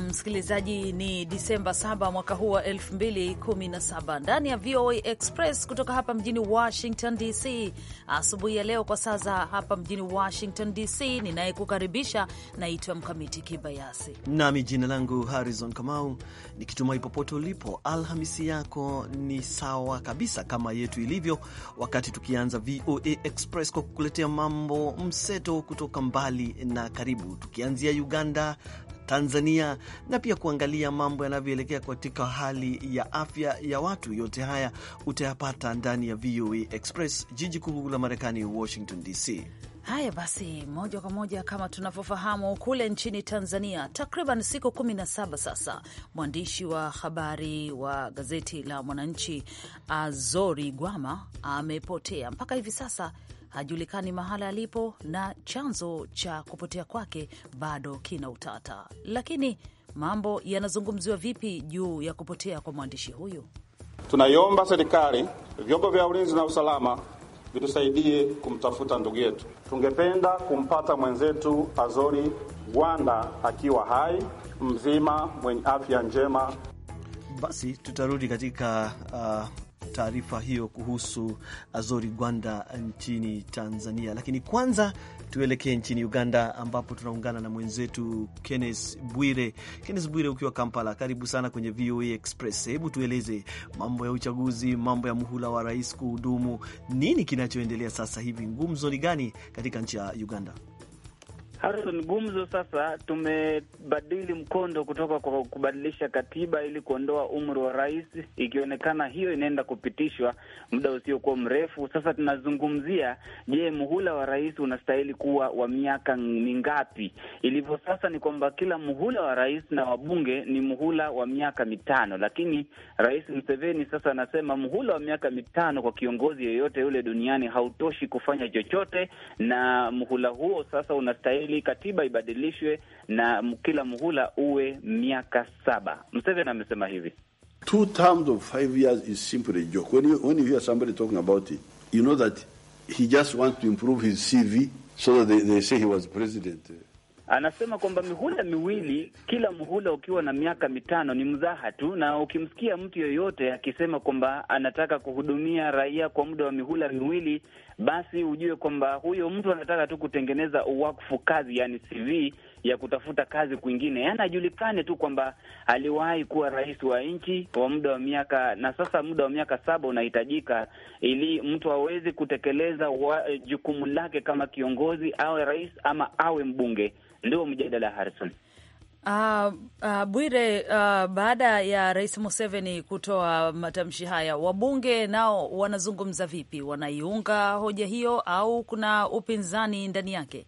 Nam msikilizaji, ni Disemba 7 mwaka huu wa 2017 ndani ya VOA Express kutoka hapa mjini Washington DC. Asubuhi ya leo kwa saa za hapa mjini Washington DC, ninayekukaribisha naitwa Mkamiti Kibayasi nami jina langu Harrison Kamau, nikitumai popote ulipo Alhamisi yako ni sawa kabisa kama yetu ilivyo, wakati tukianza VOA Express kwa kukuletea mambo mseto kutoka mbali na karibu, tukianzia Uganda Tanzania na pia kuangalia mambo yanavyoelekea katika hali ya afya ya watu. Yote haya utayapata ndani ya VOA Express, jiji kuu la Marekani, Washington DC. Haya basi, moja kwa moja kama tunavyofahamu, kule nchini Tanzania takriban siku kumi na saba sasa, mwandishi wa habari wa gazeti la Mwananchi Azori Gwama amepotea mpaka hivi sasa hajulikani mahala alipo na chanzo cha kupotea kwake bado kina utata. Lakini mambo yanazungumziwa vipi juu ya kupotea kwa mwandishi huyu? Tunaiomba serikali, vyombo vya ulinzi na usalama vitusaidie kumtafuta ndugu yetu. Tungependa kumpata mwenzetu Azori Gwanda akiwa hai, mzima, mwenye afya njema. Basi tutarudi katika uh taarifa hiyo kuhusu Azori Gwanda nchini Tanzania. Lakini kwanza tuelekee nchini Uganda ambapo tunaungana na mwenzetu kennes Bwire. kennes Bwire, ukiwa Kampala, karibu sana kwenye VOA Express. Hebu tueleze mambo ya uchaguzi, mambo ya muhula wa rais kuhudumu, nini kinachoendelea sasa hivi? Ngumzo ni gani katika nchi ya Uganda? Harison, Gumzo, sasa tumebadili mkondo kutoka kwa kubadilisha katiba ili kuondoa umri wa rais, ikionekana hiyo inaenda kupitishwa muda usiokuwa mrefu. Sasa tunazungumzia, je, muhula wa rais unastahili kuwa wa miaka mingapi? Ilivyo sasa ni kwamba kila muhula wa rais na wabunge ni muhula wa miaka mitano, lakini Rais Museveni sasa anasema muhula wa miaka mitano kwa kiongozi yeyote yule duniani hautoshi kufanya chochote, na muhula huo sasa unastahili ili katiba ibadilishwe na kila muhula uwe miaka saba. mseveni amesema hivi. Two terms of five years is simply a joke. When you, when you hear somebody talking about it, you know that he just wants to improve his CV so that they, they say he was president anasema kwamba mihula miwili, kila mhula ukiwa na miaka mitano ni mzaha tu, na ukimsikia mtu yoyote akisema kwamba anataka kuhudumia raia kwa muda wa mihula miwili, basi ujue kwamba huyo mtu anataka tu kutengeneza uwakfu kazi, yani CV ya kutafuta kazi kwingine, yaani ajulikane tu kwamba aliwahi kuwa rais wa nchi kwa muda wa miaka na sasa muda wa miaka saba unahitajika ili mtu aweze kutekeleza wa, jukumu lake kama kiongozi, awe rais ama awe mbunge ndio mjadala Harrison. Uh, uh, Bwire, uh, baada ya Rais Museveni kutoa matamshi haya, wabunge nao wanazungumza vipi? Wanaiunga hoja hiyo au kuna upinzani ndani yake?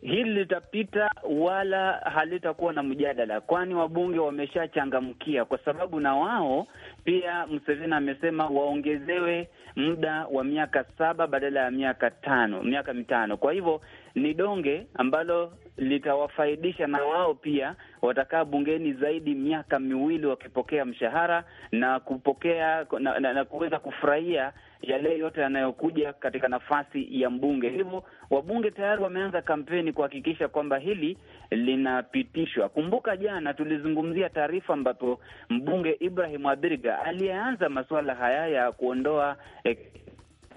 Hili litapita wala halitakuwa na mjadala, kwani wabunge wameshachangamkia, kwa sababu na wao pia Museveni amesema waongezewe muda wa miaka saba badala ya miaka tano, miaka mitano. Kwa hivyo ni donge ambalo litawafaidisha na wao pia. Watakaa bungeni zaidi miaka miwili wakipokea mshahara na kupokea na, na, na kuweza kufurahia yale yote yanayokuja katika nafasi ya mbunge. Hivyo wabunge tayari wameanza kampeni kuhakikisha kwamba hili linapitishwa. Kumbuka jana tulizungumzia taarifa ambapo mbunge Ibrahim Abiriga aliyeanza masuala haya ya kuondoa eh,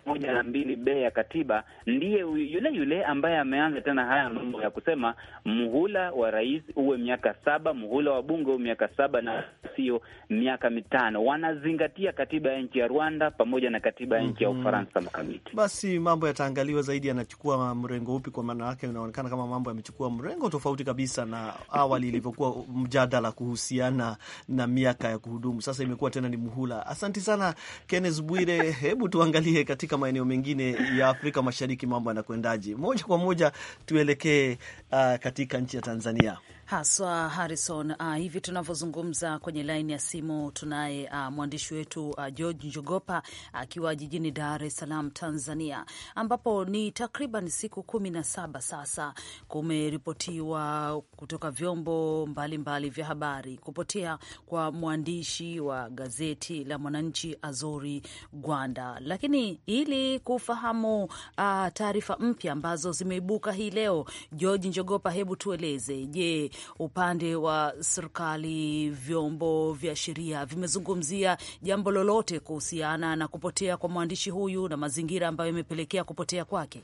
moja na mbili be ya katiba, ndiye yule yule ambaye ameanza tena haya mambo ya kusema muhula wa rais uwe miaka saba, muhula wa bunge uwe miaka saba na sio miaka mitano. Wanazingatia katiba ya nchi ya Rwanda pamoja na katiba ya nchi ya mhm. Ufaransa makamiti. Basi mambo yataangaliwa zaidi, yanachukua mrengo upi, kwa maana yake inaonekana kama mambo yamechukua mrengo tofauti kabisa na awali ilivyokuwa mjadala kuhusiana na miaka ya kuhudumu. Sasa imekuwa tena ni muhula. Asanti sana Kenneth Bwire, hebu tuangalie katika katika maeneo mengine ya Afrika Mashariki mambo yanakwendaje? Moja kwa moja tuelekee uh, katika nchi ya Tanzania haswa Harrison. Uh, hivi tunavyozungumza kwenye laini ya simu tunaye uh, mwandishi wetu uh, George Njogopa akiwa uh, jijini Dar es Salaam, Tanzania, ambapo ni takriban siku kumi na saba sasa kumeripotiwa kutoka vyombo mbalimbali mbali vya habari kupotea kwa mwandishi wa gazeti la Mwananchi Azori Gwanda, lakini ili kufahamu uh, taarifa mpya ambazo zimeibuka hii leo, George Njogopa, hebu tueleze, je, upande wa serikali, vyombo vya sheria vimezungumzia jambo lolote kuhusiana na kupotea kwa mwandishi huyu na mazingira ambayo yamepelekea kupotea kwake?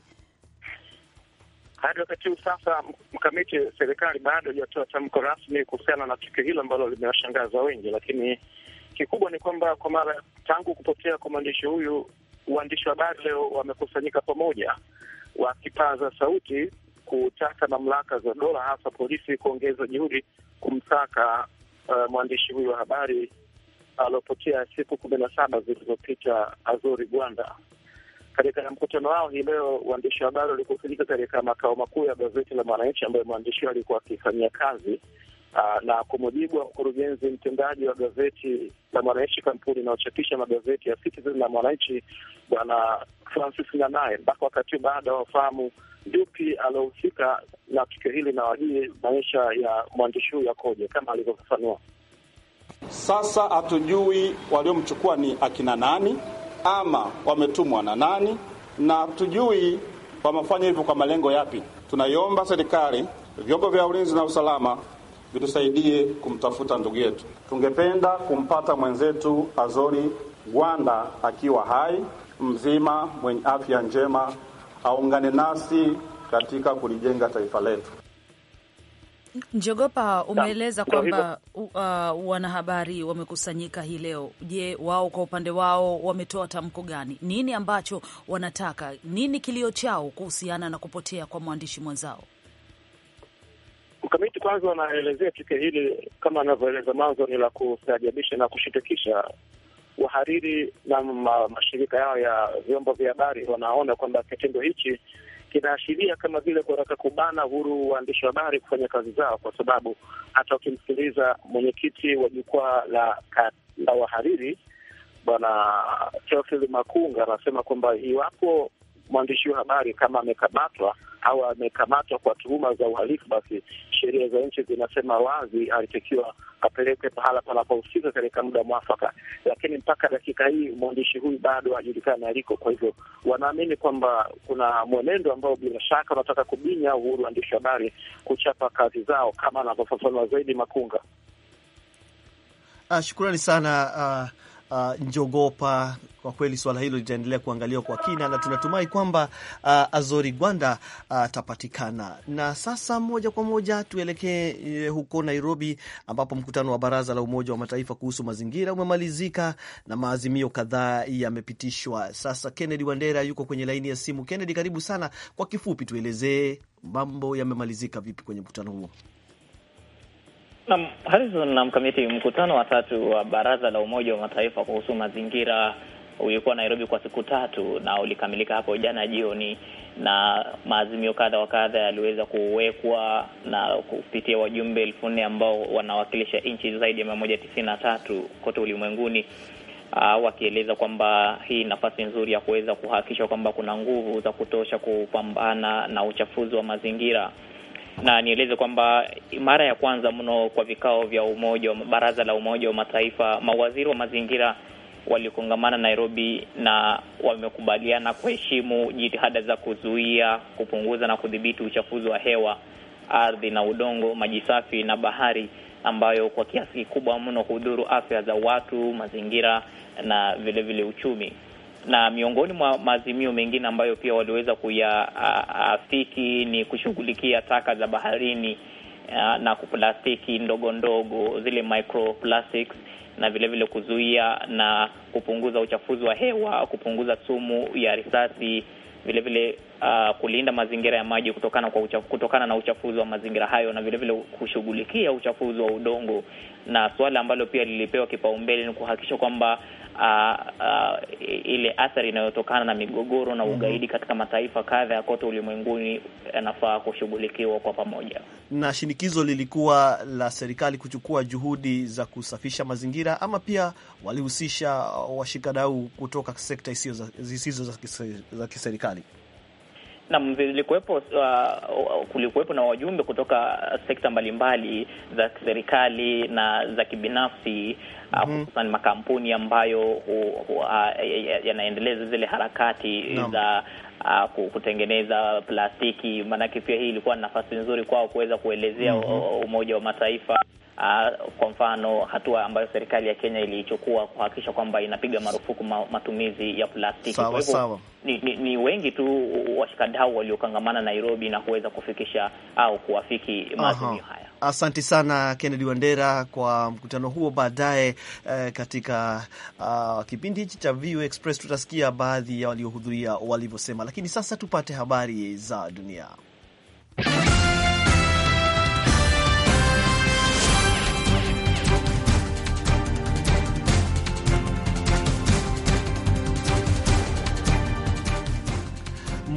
Hadi wakati huu sasa, mkamiti, serikali bado hajatoa tamko rasmi kuhusiana na tukio hilo ambalo limewashangaza wengi, lakini kikubwa ni kwamba kwa mara tangu kupotea kwa mwandishi huyu, waandishi wa habari leo wamekusanyika pamoja wakipaza sauti kutaka mamlaka za dola hasa polisi kuongeza juhudi kumsaka uh, mwandishi huyu wa habari aliopotea siku kumi na saba zilizopita Azori Gwanda. Katika mkutano wao hii leo, waandishi wa habari walikusanyika katika makao makuu ya gazeti la Mwananchi ambayo mwandishi alikuwa akifanyia kazi Ah, na kwa mujibu wa mkurugenzi mtendaji wa gazeti la Mwananchi, kampuni inayochapisha magazeti ya Citizen na Mwananchi, Bwana Francis nanae mpaka wakati baada baada wafahamu yupi aliohusika na tukio hili na wajui maisha ya mwandishi huyu yakoje, kama alivyofafanua. Sasa hatujui waliomchukua ni akina nani ama wametumwa na nani, na hatujui wamefanya hivyo kwa malengo yapi. Tunaiomba serikali, vyombo vya ulinzi na usalama vitusaidie kumtafuta ndugu yetu. Tungependa kumpata mwenzetu Azori Gwanda akiwa hai, mzima, mwenye afya njema, aungane nasi katika kulijenga taifa letu. Njogopa, umeeleza kwamba uh, uh, wanahabari wamekusanyika hii leo. Je, wao kwa upande wao wametoa tamko gani? Nini ambacho wanataka? Nini kilio chao kuhusiana na kupotea kwa mwandishi mwenzao? Mkamiti, kwanza wanaelezea tukio hili kama anavyoeleza mwanzo, ni la kustaajabisha na kushitikisha. Wahariri na ma mashirika yao ya vyombo vya habari wanaona kwamba kitendo hichi kinaashiria kama vile kuwataka kubana huru waandishi wa habari kufanya kazi zao, kwa sababu hata ukimsikiliza mwenyekiti wa jukwaa la, la wahariri Bwana Teofili Makunga anasema kwamba iwapo mwandishi wa habari kama amekamatwa au amekamatwa kwa tuhuma za uhalifu, basi sheria za nchi zinasema wazi alitakiwa apelekwe pahala panapohusika katika muda mwafaka, lakini mpaka dakika hii mwandishi huyu bado hajulikani aliko. Kwa hivyo wanaamini kwamba kuna mwenendo ambao bila shaka wanataka kubinya uhuru waandishi wa habari kuchapa kazi zao, kama anavyofafanua zaidi Makunga. Ah, shukrani sana ah uh, njogopa. Kwa kweli suala hilo litaendelea kuangaliwa kwa kina na tunatumai kwamba uh, Azori Gwanda ah, atapatikana. Uh, na sasa moja kwa moja tuelekee uh, huko Nairobi ambapo mkutano wa Baraza la Umoja wa Mataifa kuhusu mazingira umemalizika na maazimio kadhaa yamepitishwa. Sasa Kennedy Wandera yuko kwenye laini ya simu. Kennedy, karibu sana. Kwa kifupi, tuelezee mambo yamemalizika vipi kwenye mkutano huo? Nam Harrison na mkamiti, mkutano wa tatu wa Baraza la Umoja wa Mataifa kuhusu mazingira ulikuwa Nairobi kwa siku tatu na ulikamilika hapo jana jioni, na maazimio kadha wa kadha yaliweza kuwekwa na kupitia wajumbe elfu nne ambao wanawakilisha nchi zaidi ya mia moja tisini na tatu kote ulimwenguni, ah, wakieleza kwamba hii nafasi nzuri ya kuweza kuhakikisha kwamba kuna nguvu za kutosha kupambana na uchafuzi wa mazingira na nieleze kwamba mara ya kwanza mno kwa vikao vya umoja baraza la Umoja wa Mataifa, mawaziri wa mazingira walikongamana Nairobi na wamekubaliana kuheshimu jitihada za kuzuia, kupunguza na kudhibiti uchafuzi wa hewa, ardhi na udongo, maji safi na bahari, ambayo kwa kiasi kikubwa mno hudhuru afya za watu, mazingira na vilevile vile uchumi na miongoni mwa maazimio mengine ambayo pia waliweza kuyaafiki ni kushughulikia taka za baharini eh, na kuplastiki ndogo ndogo zile microplastics na vile vile kuzuia na kupunguza uchafuzi wa hewa, kupunguza sumu ya risasi, vile vile uh, kulinda mazingira ya maji kutokana kwa uchafu, kutokana na uchafuzi wa mazingira hayo, na vile vile kushughulikia uchafuzi wa udongo. Na suala ambalo pia lilipewa kipaumbele ni kuhakikisha kwamba uh, uh, ile athari inayotokana na migogoro na mhm. ugaidi katika mataifa kadha ya kote ulimwenguni yanafaa kushughulikiwa kwa pamoja. Na shinikizo lilikuwa la serikali kuchukua juhudi za kusafisha mazingira, ama pia walihusisha washikadau kutoka sekta zisizo za kiserikali? nam vilikuwepo uh, kulikuwepo na wajumbe kutoka sekta mbalimbali za serikali na za kibinafsi uh, mhm. hususan mm -hmm. makampuni ambayo uh, yanaendeleza zile harakati no. za uh, kutengeneza plastiki, maanake pia hii ilikuwa nafasi nzuri kwao kuweza kuelezea mm -hmm. Umoja wa Mataifa Uh, kwa mfano hatua ambayo serikali ya Kenya ilichukua kuhakikisha kwamba inapiga marufuku ma, matumizi ya plastiki. Kwa sawa. ni, ni, ni wengi tu washikadau waliokangamana Nairobi na kuweza kufikisha au kuwafiki maazimio haya. Asante sana Kennedy Wandera kwa mkutano huo. Baadaye eh, katika uh, kipindi hichi cha VOA Express tutasikia baadhi ya waliohudhuria walivyosema, lakini sasa tupate habari za dunia.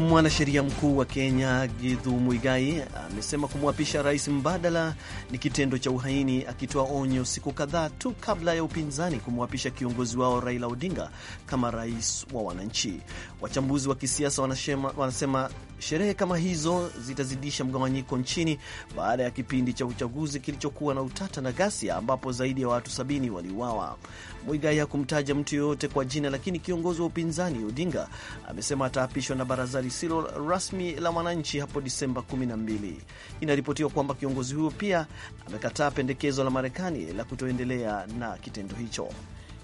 Mwanasheria mkuu wa Kenya Githu Muigai amesema kumwapisha rais mbadala ni kitendo cha uhaini, akitoa onyo siku kadhaa tu kabla ya upinzani kumwapisha kiongozi wao Raila Odinga kama rais wa wananchi. Wachambuzi wa kisiasa wanasema, wanasema sherehe kama hizo zitazidisha mgawanyiko nchini baada ya kipindi cha uchaguzi kilichokuwa na utata na ghasia ambapo zaidi ya watu sabini waliuawa. Muigai hakumtaja mtu yoyote kwa jina, lakini kiongozi wa upinzani Odinga amesema ataapishwa na baraza lisilo rasmi la mwananchi hapo Disemba 12. Inaripotiwa kwamba kiongozi huyo pia amekataa pendekezo la Marekani la kutoendelea na kitendo hicho.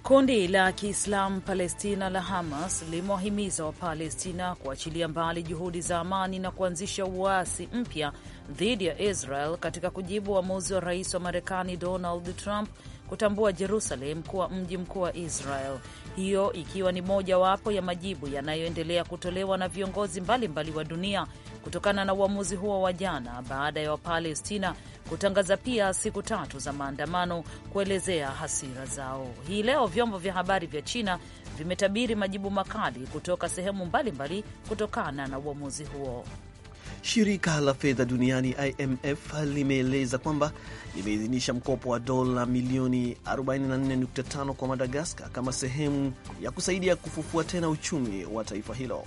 Kundi la Kiislamu Palestina la Hamas limewahimiza Wapalestina kuachilia mbali juhudi za amani na kuanzisha uasi mpya dhidi ya Israel katika kujibu uamuzi wa rais wa Marekani Donald Trump kutambua Jerusalem kuwa mji mkuu wa Israel, hiyo ikiwa ni mojawapo ya majibu yanayoendelea kutolewa na viongozi mbalimbali wa dunia kutokana na uamuzi huo wa jana baada ya Wapalestina kutangaza pia siku tatu za maandamano kuelezea hasira zao. Hii leo vyombo vya habari vya China vimetabiri majibu makali kutoka sehemu mbalimbali mbali kutokana na uamuzi huo. Shirika la fedha duniani IMF limeeleza kwamba limeidhinisha mkopo wa dola milioni 44.5 kwa Madagaskar kama sehemu ya kusaidia kufufua tena uchumi wa taifa hilo.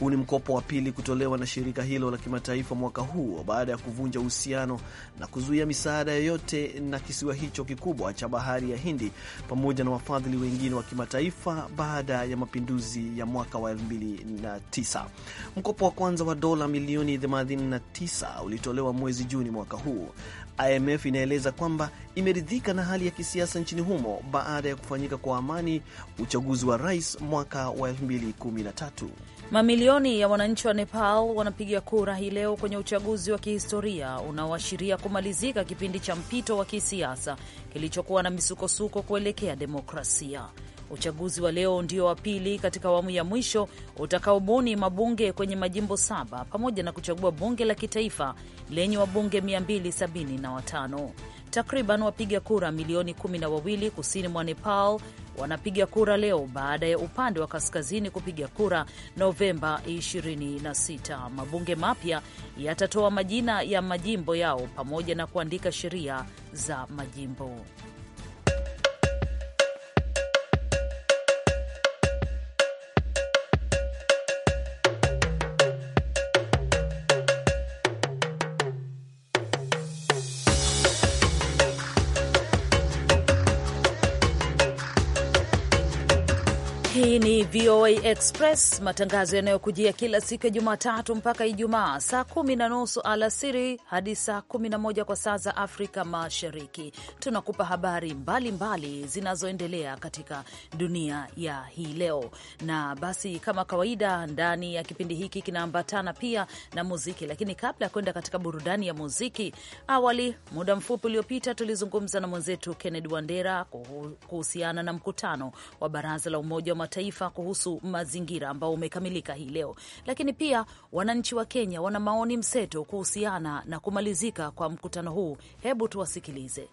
Huu ni mkopo wa pili kutolewa na shirika hilo la kimataifa mwaka huu baada ya kuvunja uhusiano na kuzuia misaada yoyote na kisiwa hicho kikubwa cha bahari ya Hindi pamoja na wafadhili wengine wa kimataifa baada ya mapinduzi ya mwaka wa 2009. Mkopo wa kwanza wa dola milioni 89 ulitolewa mwezi Juni mwaka huu. IMF inaeleza kwamba imeridhika na hali ya kisiasa nchini humo baada ya kufanyika kwa amani uchaguzi wa rais mwaka wa 2013. Mamilioni ya wananchi wa Nepal wanapiga kura hii leo kwenye uchaguzi wa kihistoria unaoashiria kumalizika kipindi cha mpito wa kisiasa kilichokuwa na misukosuko kuelekea demokrasia. Uchaguzi wa leo ndio wa pili katika awamu ya mwisho utakaobuni mabunge kwenye majimbo saba pamoja na kuchagua bunge la kitaifa lenye wabunge 275. Takriban wapiga kura milioni kumi na wawili kusini mwa Nepal wanapiga kura leo baada ya upande wa kaskazini kupiga kura Novemba 26. Mabunge mapya yatatoa majina ya majimbo yao pamoja na kuandika sheria za majimbo. Hii ni VOA Express, matangazo yanayokujia kila siku ya Jumatatu mpaka Ijumaa saa kumi na nusu alasiri hadi saa kumi na moja kwa saa za Afrika Mashariki. Tunakupa habari mbalimbali zinazoendelea katika dunia ya hii leo, na basi, kama kawaida, ndani ya kipindi hiki kinaambatana pia na muziki. Lakini kabla ya kwenda katika burudani ya muziki, awali, muda mfupi uliopita, tulizungumza na mwenzetu Kennedy Wandera kuhusiana na mkutano wa Baraza la Umoja wa Mataifa Mataifa kuhusu mazingira ambao umekamilika hii leo, lakini pia wananchi wa Kenya wana maoni mseto kuhusiana na kumalizika kwa mkutano huu. Hebu tuwasikilize.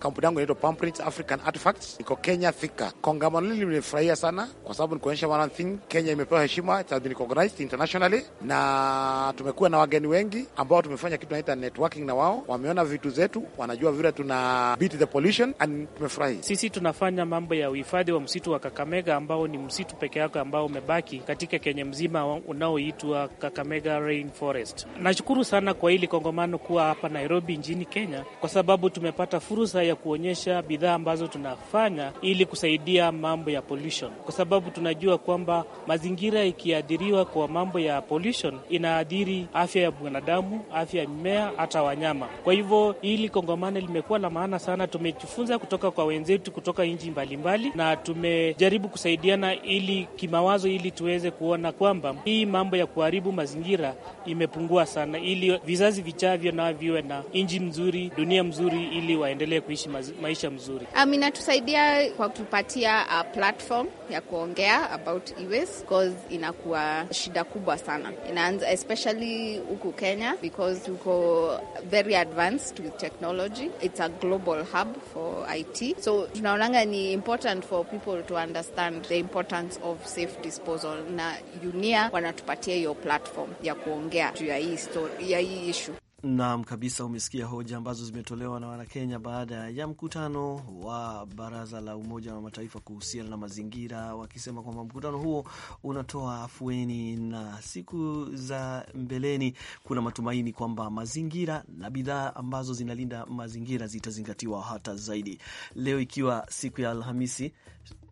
Kampuni yangu inaitwa Pamprint African Artifacts, iko Kenya, Thika. Kongamano hili limefurahia sana kwa sababu ni kuonyesha one thing, Kenya imepewa heshima, it has been recognized internationally, na tumekuwa na wageni wengi ambao tumefanya kitu naita networking na wao, wameona vitu zetu, wanajua vile tuna beat the pollution and tumefurahi. Sisi tunafanya mambo ya uhifadhi wa msitu wa Kakamega ambao ni msitu peke yake ambao umebaki katika Kenya mzima unaoitwa Kakamega Rainforest. Nashukuru sana kwa hili kongamano kuwa hapa Nairobi nchini Kenya kwa sababu tumepata fursa ya kuonyesha bidhaa ambazo tunafanya ili kusaidia mambo ya pollution, kwa sababu tunajua kwamba mazingira ikiadhiriwa kwa mambo ya pollution inaadhiri afya ya mwanadamu, afya ya mimea, hata wanyama. Kwa hivyo hili kongamano limekuwa la maana sana. Tumejifunza kutoka kwa wenzetu kutoka nchi mbalimbali, na tumejaribu kusaidiana ili kimawazo, ili tuweze kuona kwamba hii mambo ya kuharibu mazingira imepungua sana, ili vizazi vichavyo na viwe na nchi mzuri, dunia mzuri, ili waendelee kuishi kuishi maisha mzuri. Um, inatusaidia kwa kutupatia uh, platform ya kuongea about e-waste because inakuwa shida kubwa sana, inaanza especially huku Kenya because tuko very advanced with technology. It's a global hub for IT, so tunaonanga ni important for people to understand the importance of safe disposal, na UNIA wanatupatia hiyo platform ya kuongea juu ya hii story, ya hii issue. Naam kabisa, umesikia hoja ambazo zimetolewa na Wanakenya baada ya mkutano wa Baraza la Umoja wa Mataifa kuhusiana na mazingira, wakisema kwamba mkutano huo unatoa afueni na siku za mbeleni kuna matumaini kwamba mazingira na bidhaa ambazo zinalinda mazingira zitazingatiwa hata zaidi. Leo ikiwa siku ya Alhamisi,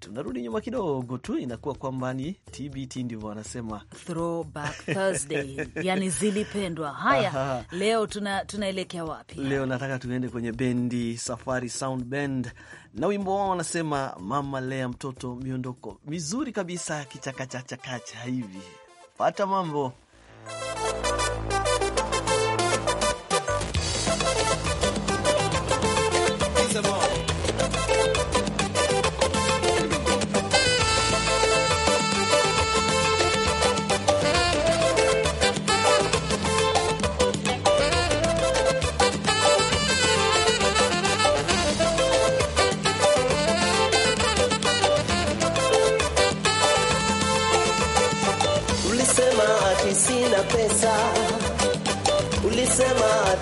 tunarudi nyuma kidogo tu, inakuwa kwamba ni TBT, ndivyo wanasema throwback Thursday, yani zilipendwa. Haya, aha. Leo tuna, tunaelekea wapi? Leo nataka tuende kwenye bendi Safari Sound Band na wimbo wao wanasema mama lea mtoto, miondoko mizuri kabisa, kichakachachakacha hivi, pata mambo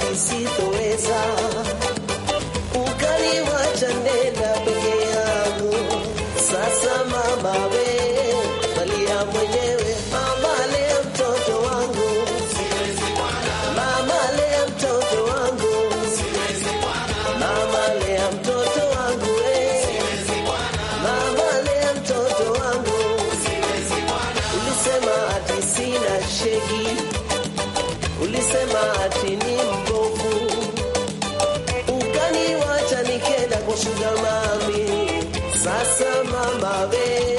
visito esa sa sa mama ve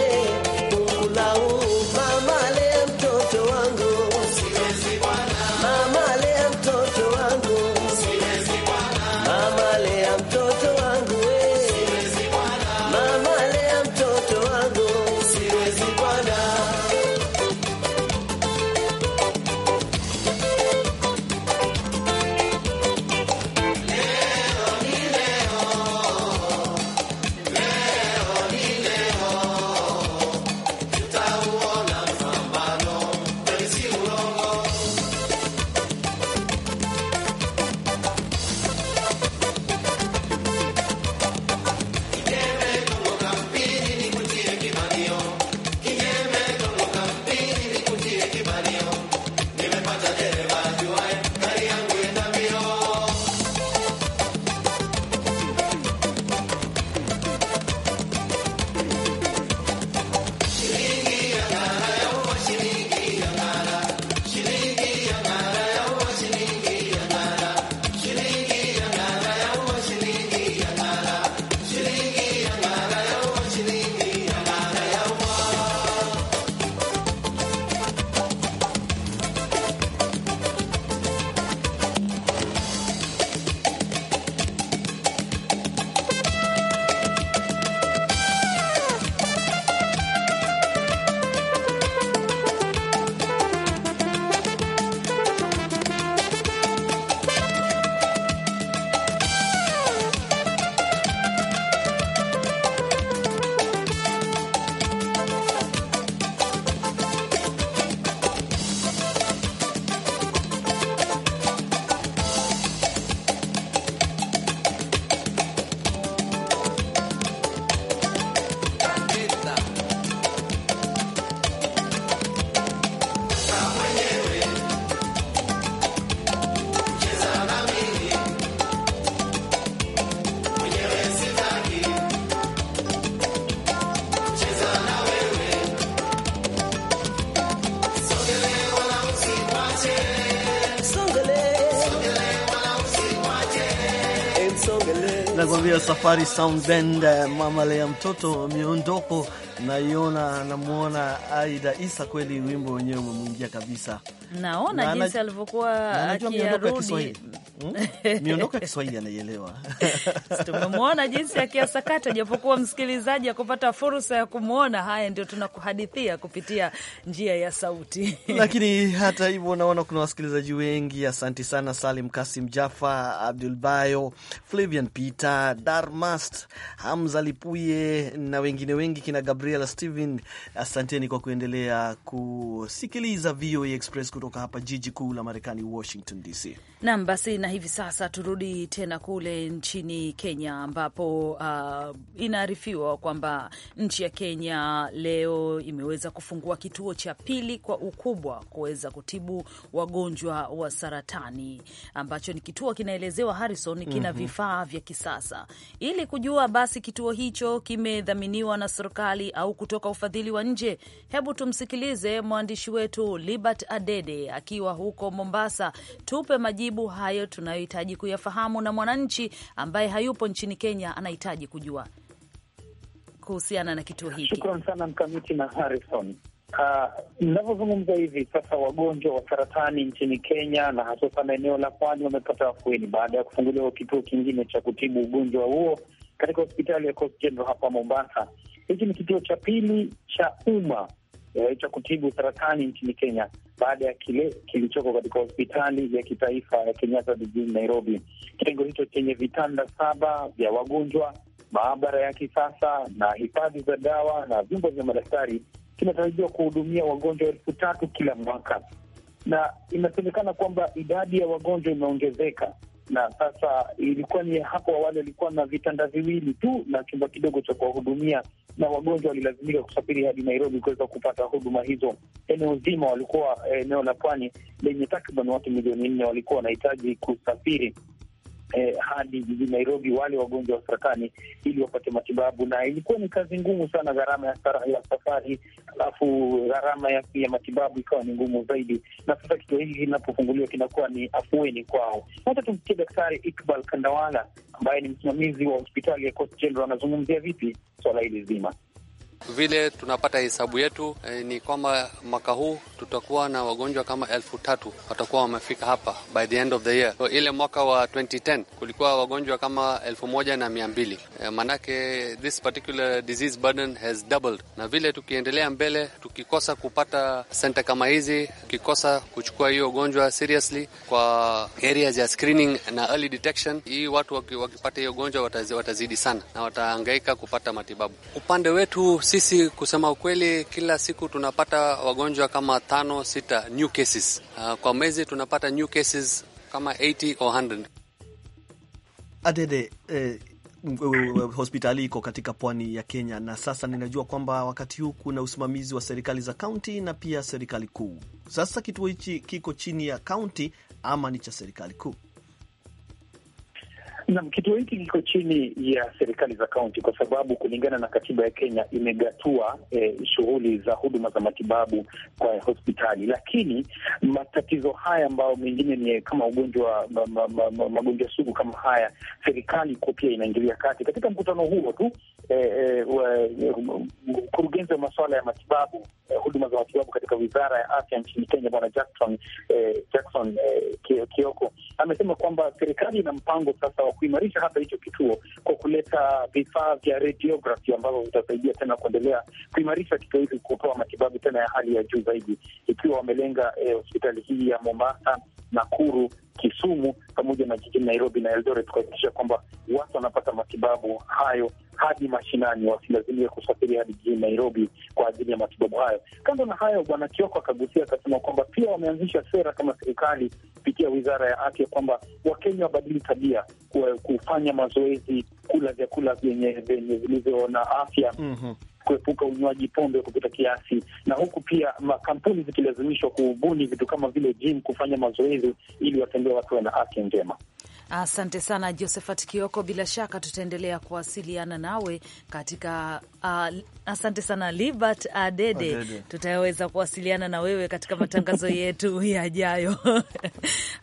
Safari Sound Band, eh, mama lea mtoto miondoko naiona, namwona Aida Isa. Kweli wimbo wenyewe umemwingia kabisa, naona jinsi alivyokuwa akirudi miondoko ya Kiswahili anaielewa. Tumemwona jinsi sakata, japokuwa msikilizaji akupata fursa ya kumwona. Haya ndio tunakuhadithia kupitia njia ya sauti lakini hata hivyo naona kuna wasikilizaji wengi. Asanti sana Salim Kasim, Jafa Abdul Bayo, Flavian Peter, Darmast Hamza Lipuye na wengine wengi, kina gabriel Steven, asanteni kwa kuendelea kusikiliza VOA e Express kutoka hapa jiji kuu la Marekani, Washington DC. Naam, basi na hivi sasa sasa turudi tena kule nchini Kenya ambapo uh, inaarifiwa kwamba nchi ya Kenya leo imeweza kufungua kituo cha pili kwa ukubwa kuweza kutibu wagonjwa wa saratani ambacho ni kituo kinaelezewa, Harrison, kina mm -hmm. vifaa vya kisasa. Ili kujua basi kituo hicho kimedhaminiwa na serikali au kutoka ufadhili wa nje, hebu tumsikilize mwandishi wetu Libert Adede akiwa huko Mombasa, tupe majibu hayo tunayoita anahitaji kuyafahamu na mwananchi ambaye hayupo nchini Kenya anahitaji kujua kuhusiana na kituo hiki? Shukran sana Mkamiti na Harrison. Uh, uh, hivi sasa wagonjwa wa saratani nchini Kenya na hasa eneo la pwani wamepata afueni baada ya kufunguliwa kituo kingine cha kutibu ugonjwa huo katika hospitali ya Coast General hapa Mombasa. Hiki ni kituo cha pili cha umma uh, cha kutibu saratani nchini Kenya baada ya kile kilichoko katika hospitali ya kitaifa ya Kenyatta jijini Nairobi. Kitengo hicho chenye vitanda saba vya wagonjwa, maabara ya kisasa na hifadhi za dawa na vyumba vya madaktari kinatarajiwa kuhudumia wagonjwa elfu tatu kila mwaka, na inasemekana kwamba idadi ya wagonjwa imeongezeka na sasa ilikuwa ni hapo awali walikuwa na vitanda viwili tu na chumba kidogo cha kuwahudumia, na wagonjwa walilazimika kusafiri hadi Nairobi kuweza kupata huduma hizo. Eneo zima walikuwa eh, eneo la pwani lenye takriban watu milioni nne walikuwa wanahitaji kusafiri eh, hadi jijini Nairobi wale wagonjwa wa saratani ili wapate matibabu, na ilikuwa ni kazi ngumu sana, gharama ya, ya safari, alafu gharama ya, ya matibabu ikawa ni ngumu zaidi, na sasa kituo hiki kinapofunguliwa kinakuwa ni afueni kwao. Hata tumsikie Daktari Iqbal Kandawala ambaye ni msimamizi wa hospitali ya Coast General anazungumzia vipi swala hili zima. Vile tunapata hesabu yetu e, ni kwamba mwaka huu tutakuwa na wagonjwa kama elfu tatu watakuwa wamefika hapa by the end of the year. So, ile mwaka wa 2010 kulikuwa wagonjwa kama elfu moja na mia mbili e, manake this particular disease burden has doubled. Na vile tukiendelea mbele, tukikosa kupata senta kama hizi, tukikosa kuchukua hiyo ugonjwa seriously kwa areas ya screening na early detection, hii watu wakipata hiyo ugonjwa watazidi sana na wataangaika kupata matibabu. Upande wetu sisi kusema ukweli, kila siku tunapata wagonjwa kama tano sita, new cases ah, kwa mwezi tunapata new cases kama 80 or 100. Adede, eh, eh, eh, hospitali iko katika pwani ya Kenya na sasa ninajua kwamba wakati huu kuna usimamizi wa serikali za kaunti na pia serikali kuu. Sasa kituo hichi kiko chini ya kaunti ama ni cha serikali kuu? Na kituo hiki kiko chini ya serikali za kaunti, kwa sababu kulingana na katiba ya Kenya imegatua eh, shughuli za huduma za matibabu kwa hospitali. Lakini matatizo haya ambayo mengine ni kama ugonjwa ma, ma, ma, ma, magonjwa sugu kama haya, serikali iko pia inaingilia kati. Katika mkutano huo tu mkurugenzi eh, eh, wa masuala ya matibabu eh, huduma za matibabu katika wizara ya afya nchini Kenya, bwana Jackson eh, Jackson eh, Kioko amesema kwamba serikali ina mpango sasa wa kuimarisha hata hicho kituo kwa kuleta vifaa vya radiography ambavyo vitasaidia tena kuendelea kuimarisha kituo hiki kutoa matibabu tena ya hali ya juu zaidi, ikiwa wamelenga eh, hospitali hii ya Mombasa, Nakuru Kisumu pamoja na jijini Nairobi na Eldoret kuhakikisha kwamba watu wanapata matibabu hayo hadi mashinani, wasilazimike kusafiri hadi jijini Nairobi kwa ajili ya matibabu hayo. Kando na hayo, Bwana Kioko akagusia akasema kwamba pia wameanzisha sera kama serikali kupitia wizara ya afya kwamba Wakenya wabadili tabia, kufanya mazoezi kula vyakula vyenye vyenye vilivyo na afya mm -hmm. Kuepuka unywaji pombe kupita kiasi, na huku pia makampuni zikilazimishwa kubuni vitu kama vile gym, kufanya mazoezi ili watembee watu wana afya njema. Asante sana Josephat Kioko, bila shaka tutaendelea kuwasiliana nawe katika Uh, asante sana Libert Adede, tutaweza kuwasiliana na wewe katika matangazo yetu yajayo.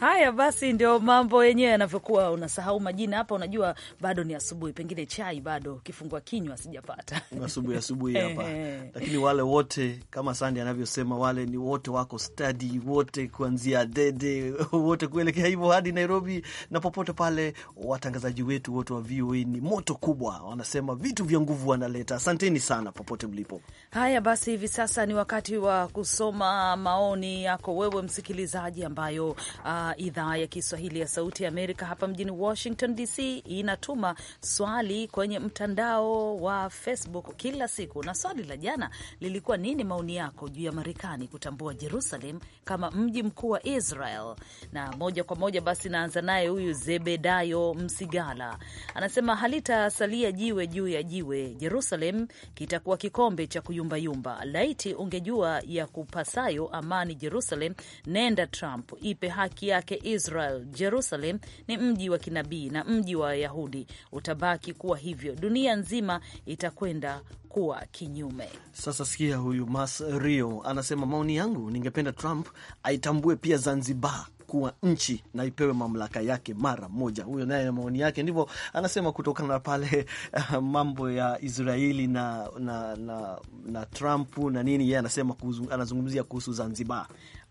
Haya basi, ndio mambo yenyewe yanavyokuwa, unasahau majina hapa. Unajua bado ni asubuhi, pengine chai bado kifungua kinywa sijapata asubuhi asubuhi hapa eh. lakini wale wote kama Sandi anavyosema wale ni wote wako stadi wote, kuanzia Adede wote kuelekea hivyo hadi Nairobi na popote pale. Watangazaji wetu wote wa VOA ni moto kubwa, wanasema vitu vya nguvu wanaleta. Asante asanteni sana popote mlipo. Haya basi, hivi sasa ni wakati wa kusoma maoni yako wewe msikilizaji, ambayo uh, idhaa ya Kiswahili ya Sauti ya Amerika hapa mjini Washington DC inatuma swali kwenye mtandao wa Facebook kila siku, na swali la jana lilikuwa nini? Maoni yako juu ya Marekani kutambua Jerusalem kama mji mkuu wa Israel. Na moja kwa moja basi naanza naye huyu Zebedayo Msigala, anasema halitasalia jiwe juu ya jiwe Jerusalem CCM kitakuwa kikombe cha kuyumbayumba. Laiti ungejua ya kupasayo amani Jerusalem, nenda Trump, ipe haki yake Israel. Jerusalem ni mji wa kinabii na mji wa Wayahudi, utabaki kuwa hivyo, dunia nzima itakwenda kuwa kinyume. Sasa sikia huyu Mas Rio anasema, maoni yangu, ningependa Trump aitambue pia Zanzibar kuwa nchi na ipewe mamlaka yake mara moja. Huyo naye maoni yake ndivyo anasema, kutokana na pale uh, mambo ya Israeli na, na, na, na Trump na nini, yeye anasema anazungumzia kuhusu Zanzibar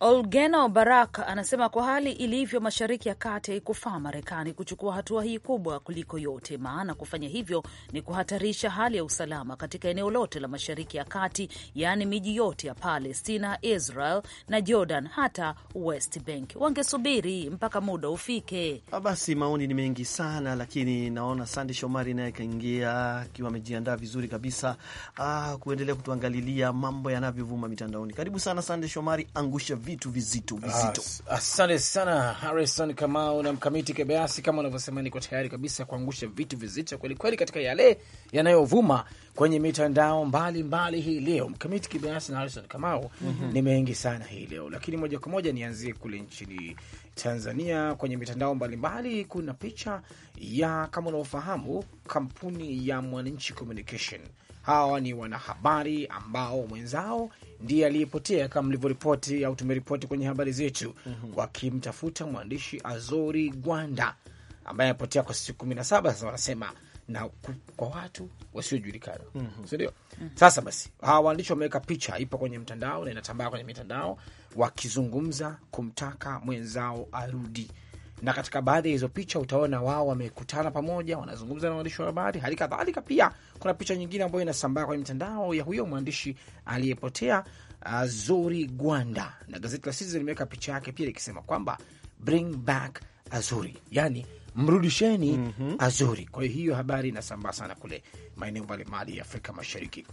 Olgeno Barak anasema kwa hali ilivyo Mashariki ya Kati, haikufaa Marekani kuchukua hatua hii kubwa kuliko yote, maana kufanya hivyo ni kuhatarisha hali ya usalama katika eneo lote la Mashariki ya Kati, yaani miji yote ya Palestina, Israel na Jordan, hata West Bank. Wangesubiri mpaka muda ufike. Ah, basi maoni ni mengi sana, lakini naona Sande Shomari naye kaingia akiwa amejiandaa vizuri kabisa, ah, kuendelea kutuangalilia mambo yanavyovuma mitandaoni. Karibu sana Sande Shomari, angusha vi vitu vizito vizito. Asante sana Harrison Kamau na mkamiti Kibayasi, kama unavyosema, niko tayari kabisa kuangusha vitu vizito kweli kweli katika yale yanayovuma kwenye mitandao mbalimbali hii leo. Mkamiti Kibayasi na Harrison Kamau mm -hmm. ni mengi sana hii leo, lakini moja kwa moja nianzie kule nchini Tanzania kwenye mitandao mbalimbali mbali, kuna picha ya kama unavyofahamu kampuni ya Mwananchi Communication. Hawa ni wanahabari ambao mwenzao ndiye aliyepotea kama mlivyoripoti au tumeripoti kwenye habari zetu, mm -hmm. wakimtafuta mwandishi Azori Gwanda ambaye amepotea kwa siku kumi na saba sasa wanasema na kwa watu wasiojulikana mm -hmm. sindio? mm -hmm. Sasa basi hawa waandishi wameweka picha, ipo kwenye mtandao na inatambaa kwenye mitandao, wakizungumza kumtaka mwenzao arudi na katika baadhi ya hizo picha utaona wao wamekutana pamoja, wanazungumza na waandishi wa habari. Hali kadhalika pia kuna picha nyingine ambayo inasambaa kwenye mitandao ya huyo mwandishi aliyepotea azori uh, Gwanda, na gazeti la Citizen limeweka picha yake pia likisema kwamba bring back Azuri, yani mrudisheni mm -hmm. Azuri. Kwa hiyo hiyo habari inasambaa sana kule maeneo mbalimbali ya Afrika Mashariki.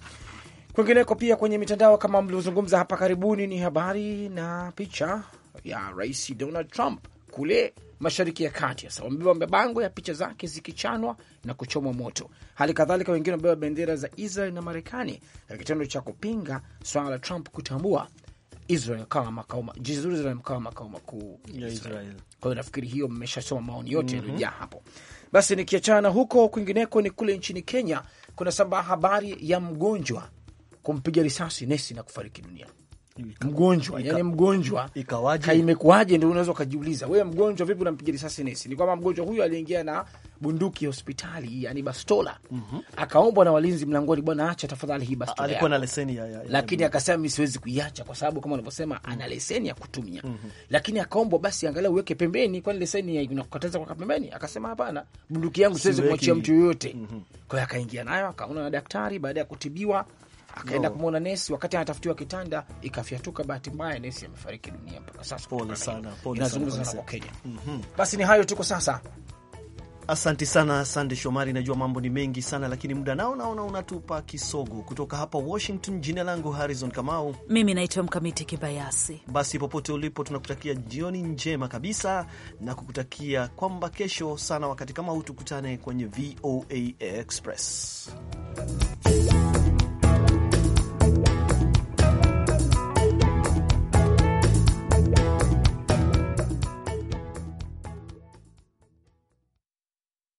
Kwingineko pia kwenye mitandao kama mliozungumza hapa karibuni, ni habari na picha ya Rais Donald Trump kule mashariki ya kati. Sasa wamebeba mabango ya picha zake zikichanwa na kuchomwa moto. Hali kadhalika, wengine wamebeba bendera za Israel na Marekani katika kitendo cha kupinga swala la Trump kutambua Israel kama makao makuu ya Israel. Kwa hiyo nafikiri hiyo mmeshasoma maoni yote mm -hmm. hapo. Basi nikiachana huko, kwingineko ni kule nchini Kenya, kuna sambaa habari ya mgonjwa kumpiga risasi nesi na kufariki dunia mgonjwa yani mgonjwa ikawaje, imekuwaje? Ndio unaweza ukajiuliza wewe, mgonjwa vipi unampiga risasi nesi? Ni kwamba mgonjwa huyu aliingia na bunduki hospitali, yani bastola mm -hmm. Akaombwa na walinzi mlangoni, bwana, acha tafadhali hii bastola. Alikuwa na leseni ya, ya, lakini akasema mimi siwezi kuiacha kwa sababu kama unavyosema ana leseni ya kutumia mm -hmm. Lakini akaombwa basi, angalau uweke pembeni, kwani leseni inakukataza pembeni. Akasema hapana, bunduki yangu siwezi kumwachia mtu yoyote. Mhm. Kwa hiyo akaingia nayo akaona na daktari, baada ya kutibiwa akaenda no. kumwona nesi wakati anatafutiwa kitanda, ikafyatuka. Bahati mbaya nesi amefariki dunia mpaka sasa. Pole sana, pole sana sana kwa Kenya. mm -hmm. Basi ni hayo tuko sasa. Asanti sana Sande Shomari, najua mambo ni mengi sana lakini muda nao naona unatupa kisogo. Kutoka hapa Washington, jina langu Harrison Kamau, mimi naitwa Mkamiti Kibayasi. Basi popote ulipo, tunakutakia jioni njema kabisa na kukutakia kwamba kesho sana wakati kama huu tukutane kwenye VOA Express.